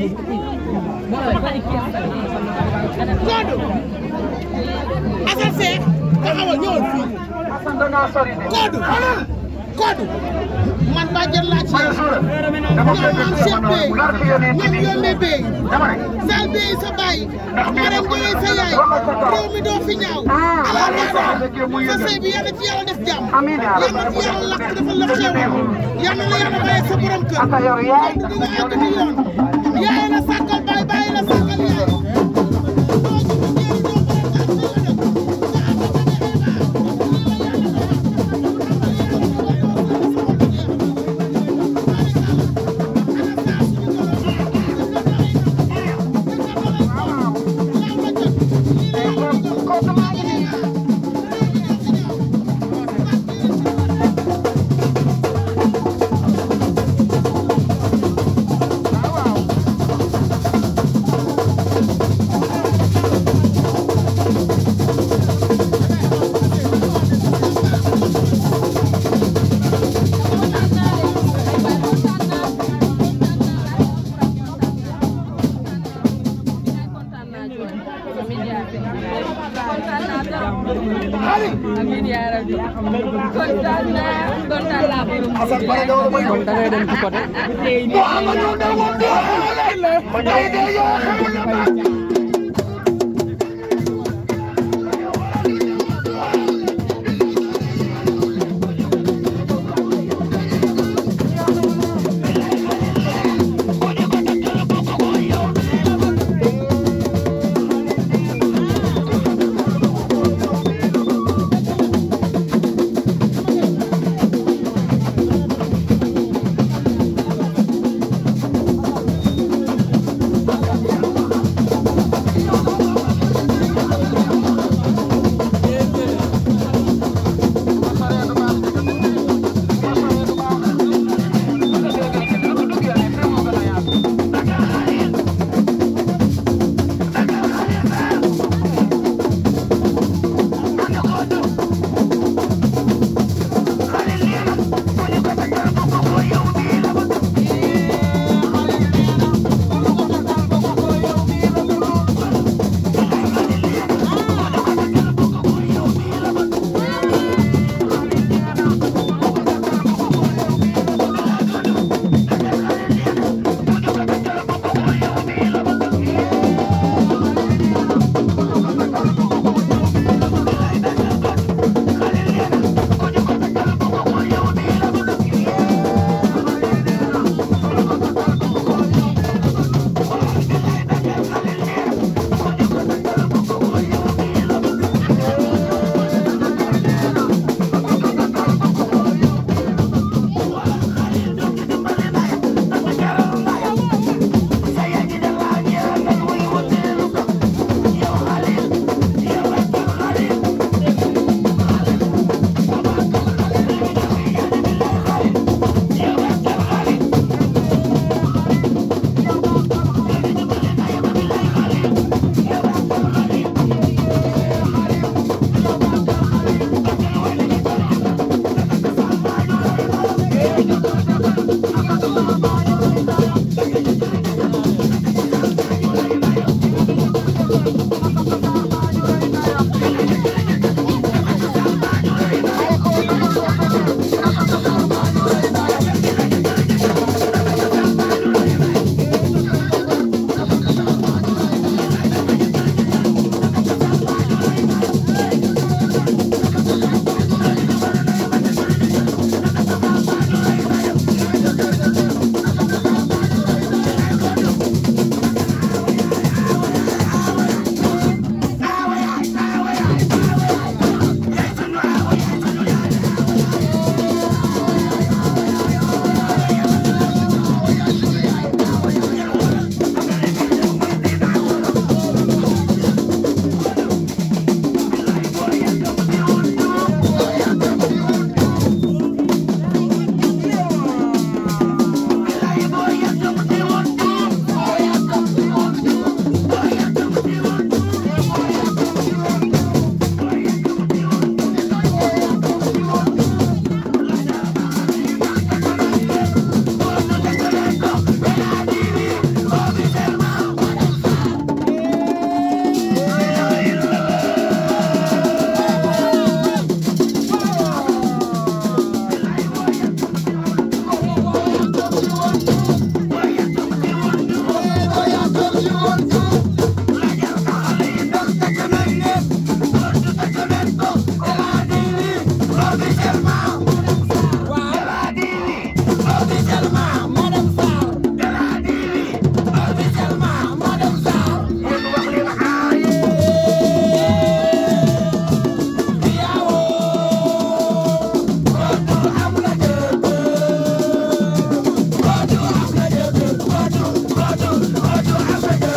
Codou Assane Seck taxawal ñëwal fii Codou Codou man maa jël laa ci yow ñoom maam Cheikh Bey ñoom Yombe Bey Sall Bey sa baay Marème Bey sa yaay réew mi doo fi ñaaw ala ko sa sëy bi yàlla ci yàlla def jàmm yàlla ci yàlla lakk dafa la xew yàlla la yàlla bàyyi sa borom kër yow du nga àgg yoon amiin yaa rabbi kontaan naa kontaan laa borom. kon da ngay dem ci côté.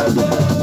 Thank you.